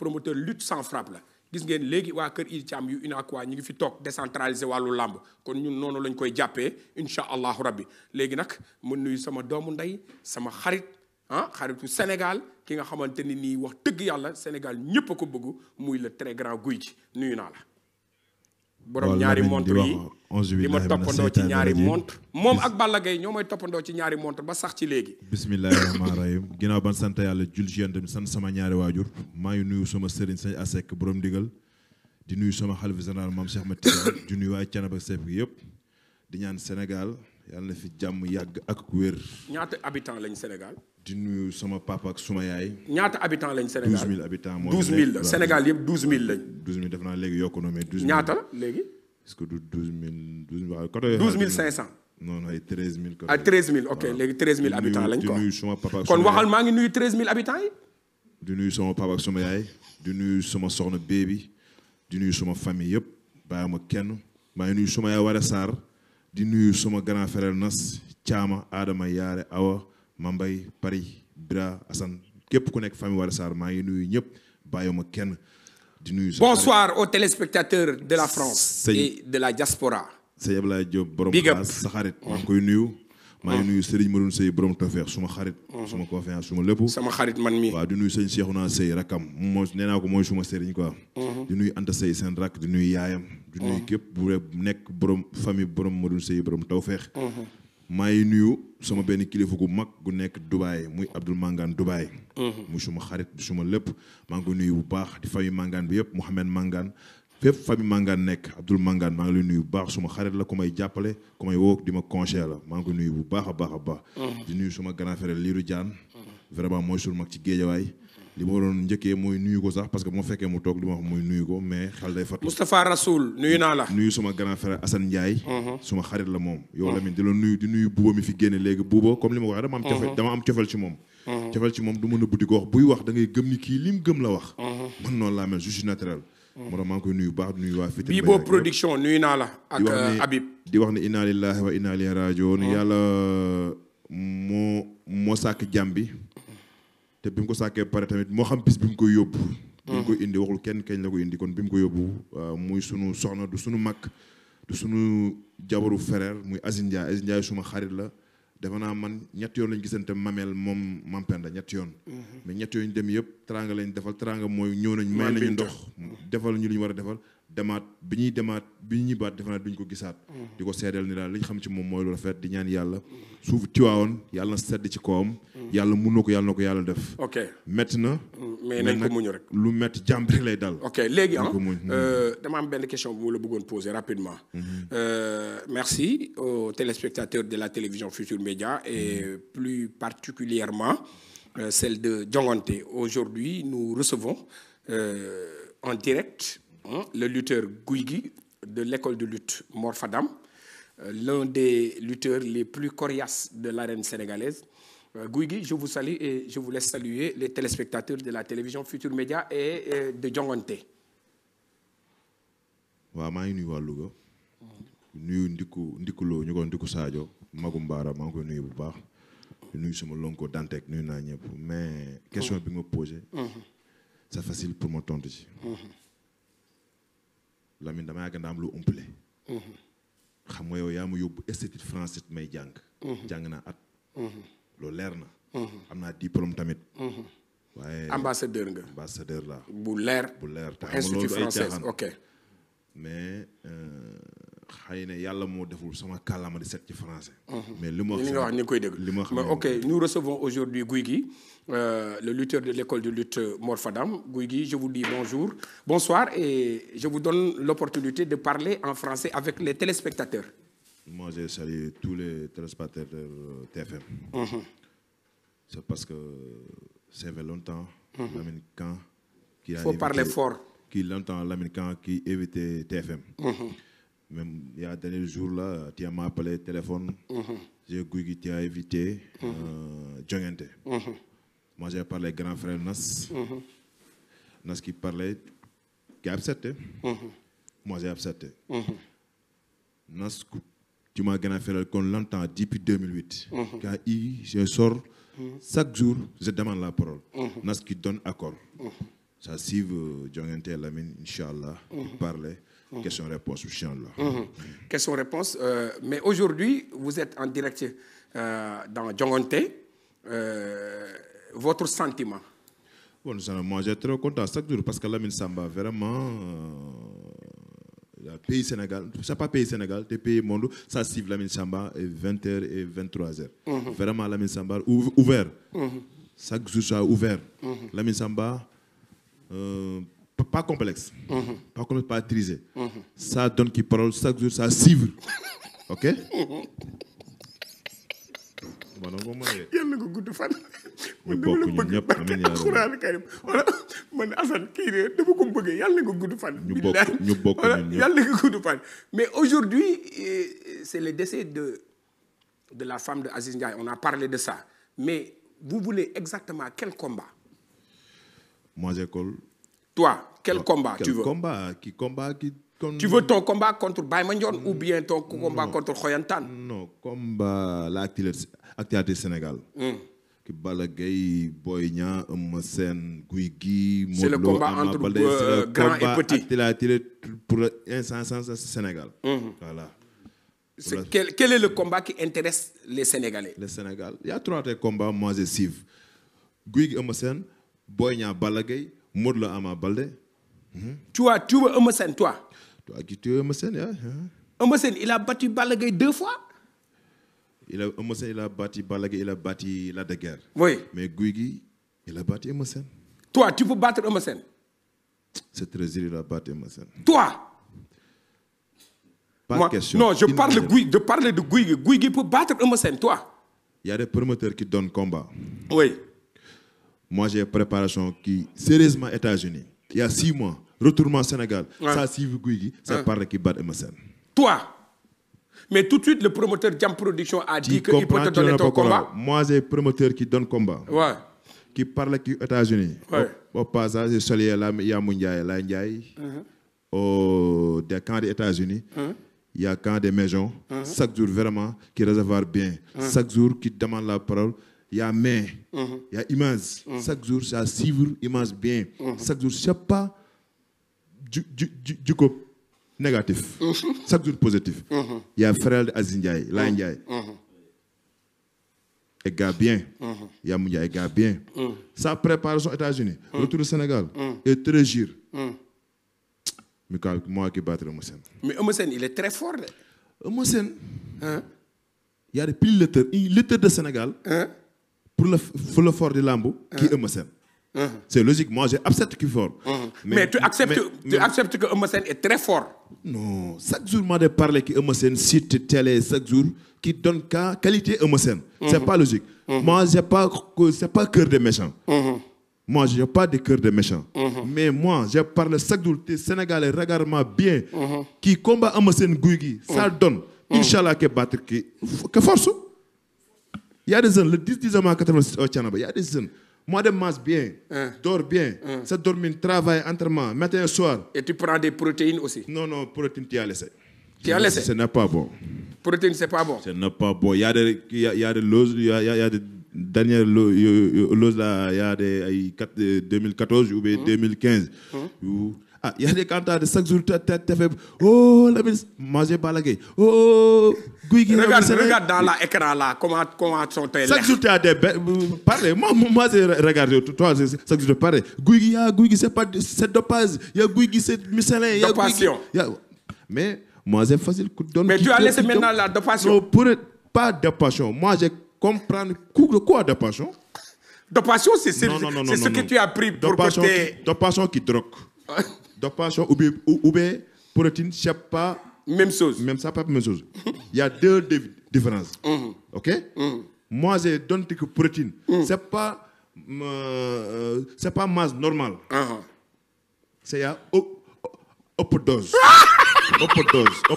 promoteur lutte sans frappe la gis ngeen léegi waa kër Idi Thiam yu waa ñu ngi fi toog décentralisé wàllu làmb kon ñun noonu lañ koy jàppee incha allahu rabbi léegi nag mën nuyu sama doomu ndey sama xarit ah xaritu Sénégal ki nga xamante ni nii wax dëgg yàlla Sénégal ñëpp a ko bëgg muy le très grand guy ci nuyu naa la. borom ñaari montre yi di ma toppandoo ci ñaari montre moom ak Balla Gaye ñoo may toppandoo ci ñaari montre ba sax ci léegi bismillahi rahmaani rahim ginnaaw ban sant yàlla jul ci yonent bi sant sama ñaari waajur maa ngi nuyu sama sëriñ sañ asek borom ndigal di nuyu sama xalifa général maam Cheikh Matia di nuyu waa Canaba Sepp yëpp di ñaan Sénégal yàlla na fi jàmm yàgg ak wér. ñaata habitants lañ Sénégal. di nuyu sama papa ak suma yaay. ñaata habitants lañ Sénégal 12000 habitants mooy. 12000 la Sénégal def na mais. 12000 ñaata la léegi. est-ce que du 12000 12000. 12500. non non ay 13000. ah 13000 ok léegi 13000 habitants lañ quoi di nuyu sama papa ak suma yaay kon waxal maa ngi nuyu 13000 habitants yi. di nuyu sama papa ak suma yaay di nuyu sama soxna bébi di nuyu sama famille yëpp bàyyi ma kenn maa ngi nuyu suma yaay Wara Sarr. di nuyu suma grand frère nas caama aadama yaare awa mambay Paris bira asan képp ku nekk famille Wally Sarr maa ngi nuyu ñëpp bàyyuma kenn di nuyu bonsoir aux téléspectateurs de la France et de la diaspora sëñ Abdoulaye Diop borom xaas sa xarit maa ngi koy nuyu maa ngi ah. nuyu Serigne Madoune Seye borom tafeex suma xarit mhm. suma confiance suma lépp sama xarit man mi waaw di nuyu sëñ Cheikhouna Seye rakkam moo nee naa ko mooy suma Serigne quoi mhm. di nuyu Anta Seye seen rakk di nuyu yaayam di nuyu mhm. képp bu nekk borom famille borom Madoune sëy borom tawfeex maa ngi nuyu sama benn kilifa gu mag gu nekk Dubaay muy Abdoul Mangane Dubaay muy suma xarit suma lépp maa ngi ko nuyu bu baax di famille Mangane bi yëpp Mouhamed Mangane fépp famille Mangane nekk Abdoul Mangane maa ngi lay nuyu bu baax suma xarit la ku may jàppale ku may woo di ma conseiller la maa ngi ko nuyu a baax a baax. Mm-hmm. di nuyu suma grand frère Lirou Diane. Mm-hmm. vraiment mooy suñu mag ci géejawaay. li ma waroon njëkkee mooy nuyu ko sax parce que bu ma fekkee mu toog li ma wax mooy nuyu ko nuyu suma grand frère Assane Ndiaye. Mm-hmm. xarit la moom. yow Lamine di la nuyu di nuyu buuba mi fi génne léegi buuba comme li ma ko waxee am. cofeel ci moom. cofeel ci moom du mën a ko wax buy wax da ngay gëm ni kii lim gëm la wax. man noonu laa mel je suis naturel moo tax maa ngi koy nuyu baax nuyu waa fitir bii boobu production nuyu naa la ak euh, Habib di wax ne inna lillahi wa inna rajo rajiun mm-hmm. yàlla moo moo sàkk jàmm te bim ko sàkkee pare tamit moo xam bis bi koy yóbbu bi mu mm. koy indi waxul kenn kañ la ko indi kon bi mu ko yóbbu euh, muy sunu soxna du sunu mag du sunu jabaru frère muy Aziz Ndiaye Ndiaye suma xarit la dafa naa man ñett yoon lañ gisante mameel moom mampenda ñett yoon mm-hmm. mais ñett yoon dem yëpp teranga lañ defal teranga mooy ñëw nañ may defal ñu li ñu war a defal demaat bi ñuy demaat bi ñuy baat defe naa duñ ko gisaat. Mm-hmm. di ko seedeel ni daal li ñu xam ci moom mooy lu rafet di ñaan yàlla. Mm-hmm. suuf tiwaawoon yàlla na sedd ci kawam. Mm-hmm. yàlla mun na ko yàlla na ko yàlla def. ok métti na. Mm, mais nañ ko muñu rek lu métti jàmm rek lay dal. ok léegi ah euh, dama benn question bu ma la bëggoon poser rapidement. Euh, merci aux téléspectateurs de la télévision Futur Média et plus particulièrement euh, celle de Diongante aujourd'hui nous recevons. en direct le lutteur Guigui de l'école de lutte Morfadam euh, l'un des lutteurs les plus coriaces de l'arène sénégalaise euh, Guigui je vous salue et je vous laisse saluer les téléspectateurs de la télévision Futur Média et, de Jongonté waaw maa ngi nuyu waa Louga nuyu ndikku ndikkuloo ñu ko ndikku Sadio Magou maa ngi koy bu baax nuyu sama lonko Dantec nuyu naa ñëpp mais question bi nga posé mm-hmm. c'est facile pour ma tontu ci. Mm-hmm. Lamine dama yàgg ndaam lu umpale. Mm-hmm. xam yaa ma yóbbu institut français may jàng. Mm-hmm. jàng naa at. loolu leer na. am naa diplôme tamit. ambassadeur nga. la bu leer. bu leer te xam nga ok mais. Euh, xëy na yàlla moo deful sama kàllaama di set ci français. Mhm. mais li ma wax li nga wax ni koy dégg. li ma xam ok nous recevons aujourd'hui Gouye euh, le lutteur de l'école de lutte Mor Fadam Gouye Gui je vous dis bonjour bonsoir et je vous donne l'opportunité de parler en français avec les téléspectateurs. moi je salue tous les de TFM. Mm -hmm. c'est parce que ça fait longtemps. Mm -hmm. Lamine Kan. qui a faut évité, parler fort. qui longtemps Lamine qui évitait TFM. Mhm. Même il dernier jour là, tu m'as téléphone. Mm -hmm. J'ai Guigui, tu as évité mm -hmm. euh, Djongente. Mm -hmm. Moi j'ai parlé grand frère Nas. Mhm. Nas qui parlait, qui a accepté. Mhm. Moi j'ai accepté. Mhm. Nas, tu m'as grand frère qu'on l'entend depuis 2008. Quand il, je sors, chaque jour, je demande la parole. Nas qui donne accord. Ça suit Djongente euh, Lamine, Inch'Allah, qui parlait. question réponse mhm. euh, mais aujourd'hui vous êtes en direct euh, dans Dionguante euh, votre sentiment bon moi j'ai très content chaque jour parce que Lamine Samba vraiment pays Sénégal c'est pas pays Sénégal te pays monde ça cible Lamine Samba et 20 heures et 23 heures mhm. vraiment Lamine Samba ouvert mhm. chaque jour ça ouvert Lamine Samba Mhm. pas complexe. pas complexe pas trisé. Mhm. ça donne qui parole chaque jour ça civre ok. man ko mooy. yàlla gudd fan. man Assane kii de mais aujourd'hui euh, c'est le de la femme de Aziz Ndiaye on a parlé de ça mais vous voulez exactement quel combat. moi j'école Toi, quel non, combat quel tu veux combat, qui combat qui, comme... Tu veux ton ou bien ton combat contre Khoyantan combat la actualité Sénégal. Mm. ki Balla Gaye Boy Niang Eumeu Sène entre euh, et petit c'est le euh, combat pour l'instant Sénégal. Mm. le combat qui intéresse les Sénégalais. le Sénégal y a trois des combats moi je suive Gouye Gui Eumeu Sène Boy Niang Balla Modou Lo Ama Baldé. Hmm? tu vois tu vois Eumeu Sène toi. toi qui tu es Eumeu Sène yeah. Eumeu Sène il a battu deux fois. il a Eumeu Sène il a battu Balla Gaye il a mais Gouye Gui il a battu Eumeu Sène. toi tu peux battre Eumeu Sène. c'est très dur il a battu Eumeu Sène. toi. pas question non je parle de Gouye Gui Gouye Gui peut battre toi. y a des promoteurs qui donnent combat. mois j'ai préparation qui sérieusement États-Unis il six mois retournement Sénégal. waaw saa siivu guy gi. parle qui bat Eumeu Sène. toi mais tout de suite le promoteur Jam Production a dit. que il peut te donner ton combat moi j'ai promoteur qui donne combat. qui parle qui États-Unis waaw au passage Soleil la Yamou Ndiaye la uh-huh. Ndiaye. au des camps des États-Unis uh-huh. il y a camp uh-huh. chaque jour vraiment qui réserve bien. chaque jour qui demande la parole. y a main. Mm-hmm. y a image. Mm-hmm. chaque jour ça suivre image bien. Mm-hmm. chaque jour c'est pas ju ju ju jikko négatif. chaque jour positif. y a frère de Aziz Ndiaye Laye Ndiaye. et gars bien. Yamou Ndiaye gars bien. sa préparation États-Unis retour au Sénégal. et très dur. mi ka moi qui battre Eumeu Sène. mais Eumeu Sène il est très fort de. Eumeu Sène. y a des pires lutteurs lutteurs de Sénégal. pour le pour le fort du lambu. kii ah. Eumeu Sène. Ah. c' est logique moi j' accepte kii fort. mais tu acceptes que Eumeu Sène est très fort. non chaque jour maa de parler qui donne ka qualité mm-hmm. pas logique. Mm-hmm. moi j'ai pas c' est pas cœur de méchant. Mm-hmm. moi j'ai pas de cœur de méchant. mais moi je parle chaque jour te Sénégalais regarde bien. kii combat Eumeu Sène guy gi ça donne. incha allah battre ki force. y a des jeunes le 10 10 juin 86 au Thiénaba y a des jeunes. moi de mange bien. Hein. dors bien. Hein. ça travail entraînement matin soir. et tu prends des protéines aussi. non non protéine tu as laissé. tu as laissé ce n'est pas bon. protéine c'est pas bon. ce n'est pas bon y a des y a y a des loses y a y a des dernières ou bien 2015. Hum. Où, ah y a des candidats de chaque jour TFM oh le ministre mangé Balla Gaye oh, guy gi regarde regarde dans la écran là comment comment sont tes chaque jour t'as des euh, parlez moi moi j'ai regardé toi chaque jour parlez guy gi yaa ah, guy gi c'est pas c'est yaa guy gi c'est miscelin yaa guy gi yaa c'est facile ku tu as laissé la dopation non pour pas dopation moi j'ai comprendre quoi dopation dopation c'est ce que tu as pris pour que tu dopation qui drogue dopation ou bien ou bien protéine c'est pas. même chose même ça pas même chose. il y a deux différences. Mm-hmm. ok. Mm-hmm. moi donne que protéine. Mm. c'est pas euh, c'est pas masse normale. Uh-huh. c'est y a overdose. overdose.